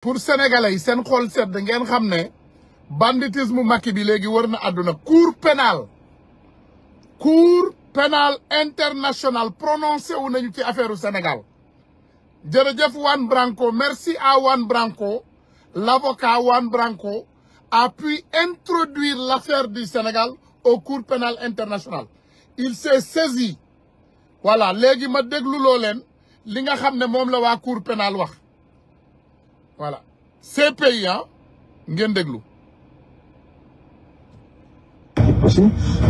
pour sénégalais yi seen xol sedd ngeen xam ne banditisme Macky bi léegi wër na àdduna cour pénal cour pénal international prononcé wu nañu ci affaire u Sénégal jërëjëf Juan Branco merci à Juan Branco l'avocat Juan Branco a pu introduire l'affaire du Sénégal au cour pénal international il s'est saisi voilà léegi ma déglu loo leen li nga xam ne moom la waa cour pénal wax voilà ces pays ah ngeen déglu. aussi,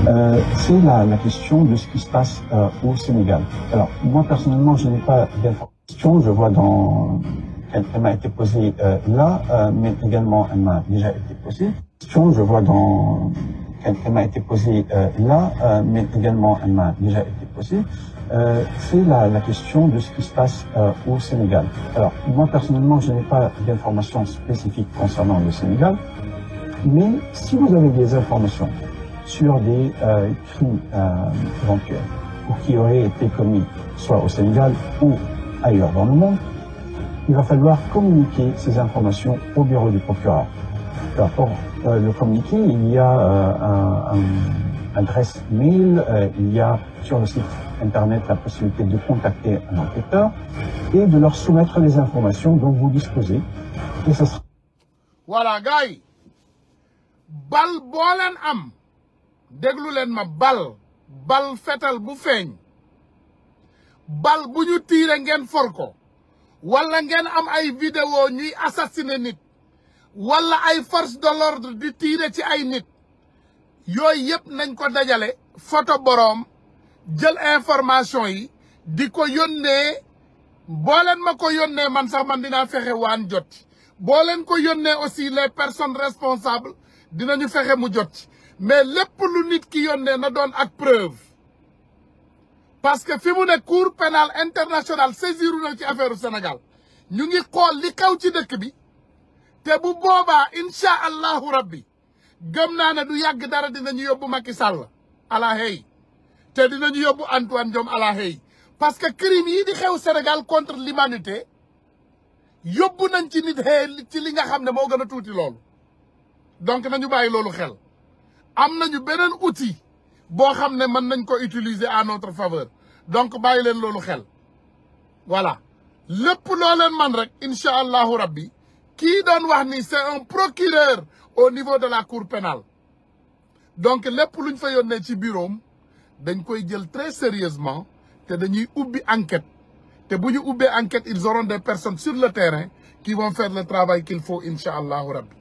euh, c'est la, la, question de ce qui se passe euh, au Sénégal. Alors, moi personnellement, je n'ai pas d'informations, je vois dans... Elle, m'a été posée là, mais également elle m'a été posée. Question, je vois dans... m'a été posée là, euh, mais également elle m'a déjà été posée. euh, c'est la, la, question de ce qui se passe euh, au Sénégal. Alors, moi personnellement, je n'ai pas d'informations spécifiques concernant le Sénégal, mais si vous avez des informations sur des euh, crimes euh, éventuels ou qui auraient été commis soit au Sénégal ou ailleurs dans le monde, il va falloir communiquer ces informations au bureau du procureur. pour euh, le communiquer, il y a euh, un, un mail, il y a sur le site Internet la possibilité de contacter un enquêteur et de leur soumettre les informations dont vous disposez. Et ce bal boo am déglu ma bal bal fetal bu feeñ bal bu ñu tiire ngeen for ko wala ngeen am ay vidéo ñuy assassiner nit wala ay force de l'ordre di tiire ci ay nit yooyu yëpp nañ ko dajale photo boroom jël information yi di ko yónnee boo leen ma ko yónnee man sax man dinaa fexe waan jot boo leen ko yónnee aussi le les personnes dina ñu fexe mu jot mais lépp lu nit ki yónnee na doon ak preuve parce que fi mu ne cour pénale internationale saisiru na ci affaire Sénégal ñu ngi xool li kaw ci dëkk bi te bu boobaa incha allahu rabbi gëm naa ne du yàgg dara dinañu yóbbu Macky Sall ala hey te dinañu yóbbu Antoine Diome à la Haye parce que crime yi di xew Sénégal contre l'humanité yóbbu nañ ci nit xëy ci li nga xam ne moo gën a tuuti loolu donc nañu bàyyi loolu xel am nañu beneen outil boo xam ne mën nañ ko utiliser à notre faveur donc bàyyi leen loolu xel voilà lépp loo leen man rek incha allahu rabbi kii doon wax ni c'est un procureur au niveau de la cour pénale donc lépp luñ fa ne ci biiroom dañ koy jël très sérieusement te dañuy ubbi enquête te bu ñu ubbee enquête ils auront des personnes sur le terrain qui vont faire le travail qu'il faut incha allahu rabbi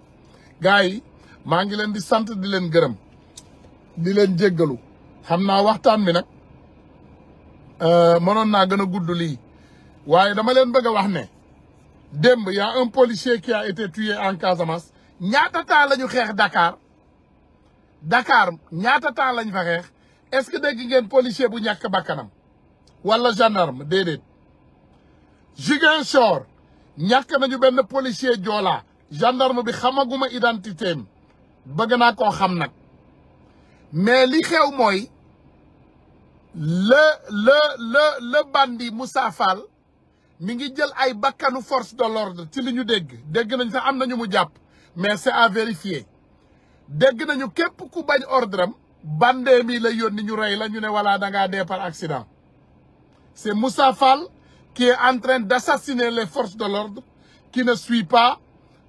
gars yi maa ngi leen di sant di leen gërëm di leen jéggalu xam naa waxtaan bi nag euh, mënoon naa gën a gudd lii waaye dama leen bëgg a wax ne démb y un policier qui a été tué en Casamance ñaata temps la ñu xeex Dakar Dakar ñaata temps lañ fa xeex est-ce que dégg ngeen policier bu ñàkk bakkanam wala gendarme déedéet Ziguinchor ñàkk nañu benn policier joolaa gendarme bi xamaguma identité bëgg naa ko xam nag mais li xew mooy le le le le bandi Moussa Fall mi ngi jël ay bakkanu force de l'ordre ci li ñu dégg dégg nañ sax am nañu mu jàpp mais c'est à vérifier dégg nañu képp ku bañ ordre bandee mi la yónni ñu rey la ñu ne voilà da ngaa dee par accident c'est Moussa Fall qui est en train les forces de l'ordre qui ne suit pas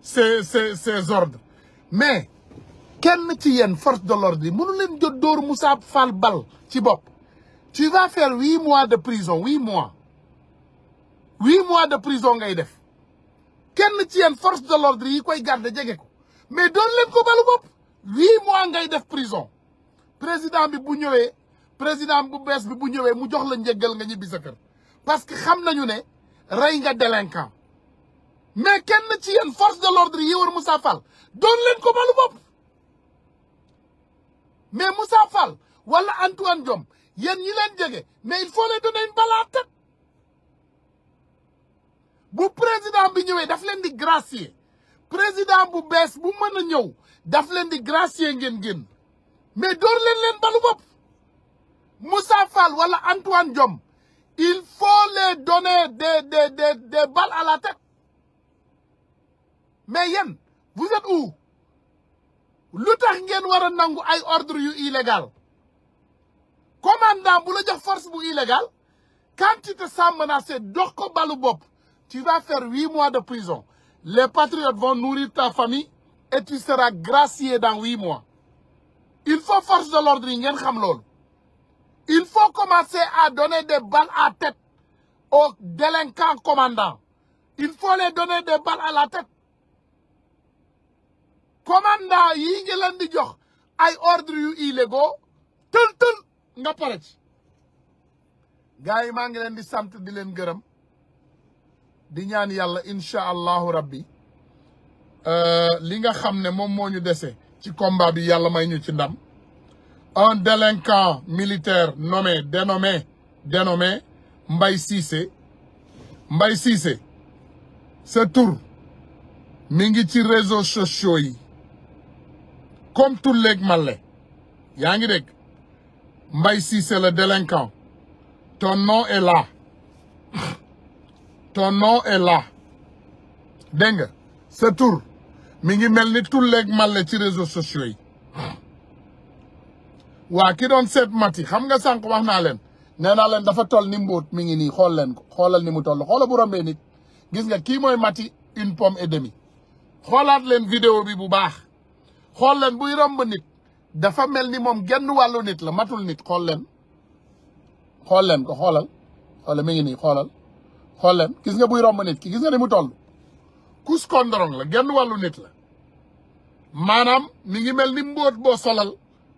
ses ses ses ordres mais kenn ci yéen force de l'ordre yi mënu leen jot dóor musa Fall bal ci bopp tu vas faire huit mois de prison huit mois huit mois de prison ngay def kenn ci yéen force de l'ordre yi koy garde jege ko mais doon leen ko balu bopp mois ngay def prison président bi bu ñëwee président bu bees bi bu ñëwee mu jox la njëggal nga ñibbi sa kër parce que xam nañu ne rey nga délinquant mais kenn ci yéen force de l'ordre yi war Moussa Fall doon leen ko balu bopp mais Moussa Fall wala Antoine Diome yéen ñi leen jege mais il faut les donner une balle à bu président bi ñëwee daf leen di gracier président bu bees bu mën a ñëw daf leen di gracier ngeen génn mais door leen leen balu bopp Moussa Fall wala Antoine Diome il faut les donner des des des des balles à la tête mais lu tax ngeen war a nangu ay ordre yu illégal commandant bu la jox force bu illégal quand tu te sens menacé dox ko balu bopp tu vas faire huit mois de prison les patriotes vont nourrir ta famille et tu seras gracié dans huit mois il faut force de l'ordre yi ngeen xam lool il faut commencer à donner des balles à tête aux délinquants commandants il faut les donner des balles à la tête commandant yi ngi leen di jox ay ordre yu illégaux tël tël nga pare ci gars yi maa ngi leen di sant di leen gërëm di ñaan yàlla incha allahu rabbi euh, li nga xam ne moom moo ñu dese ci combat bi yàlla may ñu ci ndam un délinquant militaire nommé dénommé dénommé Mbaye Cissé Mbaye Cissé sa tur mi ngi ci réseaux sociaux yi comme tulleeg male yaa ngi dégg Mbaye Cissé le délinquant ton nom est là ton nom est là dégg nga sa tur mi ngi mel ni mal màlle ci réseaux sociaux yi waa ki doon seet mati xam nga sànq wax naa leen nee naa leen dafa tol ni mbóot mi ngi nii xool leen ko xoolal ni mu toll xoola bu rombee nit gis nga kii mooy mati une pomme et demi xoolaat leen vidéo bi bu baax xool leen buy romb nit dafa mel ni moom genn wàllu nit la matul nit xool leen xool leen ko xoolal xoola mi ngi nii xoolal xool leen gis nga buy romb nit ki gis nga ni mu toll kuskondorong la genn wàllu nit la maanaam mi ngi mel ni mbóot boo solal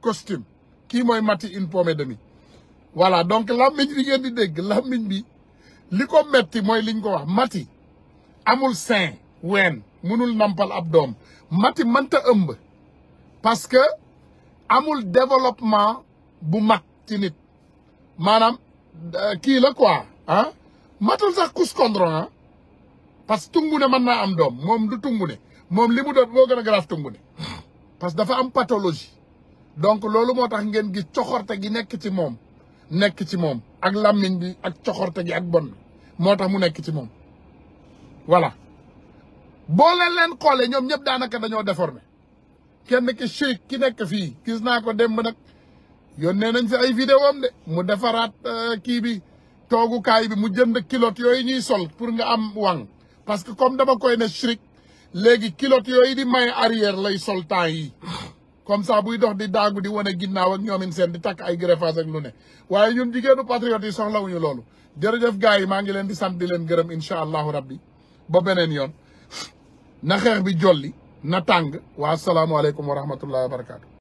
costume kii mooy mati une pomme demi voilà donc làmmiñ bi ngeen di dégg làmmiñ bi li ko metti mooy liñ ko wax mati amul sein ween mënul nampal ab doom mati mënta ëmb parce que amul développement bu mat ci nit maanaam euh, kii la quoi ah matul sax kuskondron ah parce que tungu ne mën naa am doom moom du tungu ne moom li mu doon moo gën a grave tungu parce que dafa am pathologie donc loolu moo tax ngeen gis cokorte gi nekk ci moom nekk ci moom ak làmmiñ bi ak coxorte gi ak bon moo tax mu nekk ci moom voilà boo leen leen xoolee ñoom ñëpp daanaka dañoo déformé kenn ki chic ki nekk fii gis naa ko démb nag yónnee nañ fi ay vidéo am de mu defaraat euh, kii bi toogukaay bi mu jënd kilot yooyu ñuy sol pour nga am wàng parce que comme dama koy ne shrik léegi kilot yooyu di may arrière lay sol temps yi comme ça buy dox di daagu di wane ginnaaw ak ñoomin seen di takk ay greffage ak lu ne waaye ñun jigéenu patriote yi soxlawuñu loolu jërëjëf gars yi maa ngi leen di sant di leen gërëm incha allahu rabbi ba beneen yoon na xeex bi jolli na tàng waa asalaamualeykum wa rahmatullahi wa barakaatu.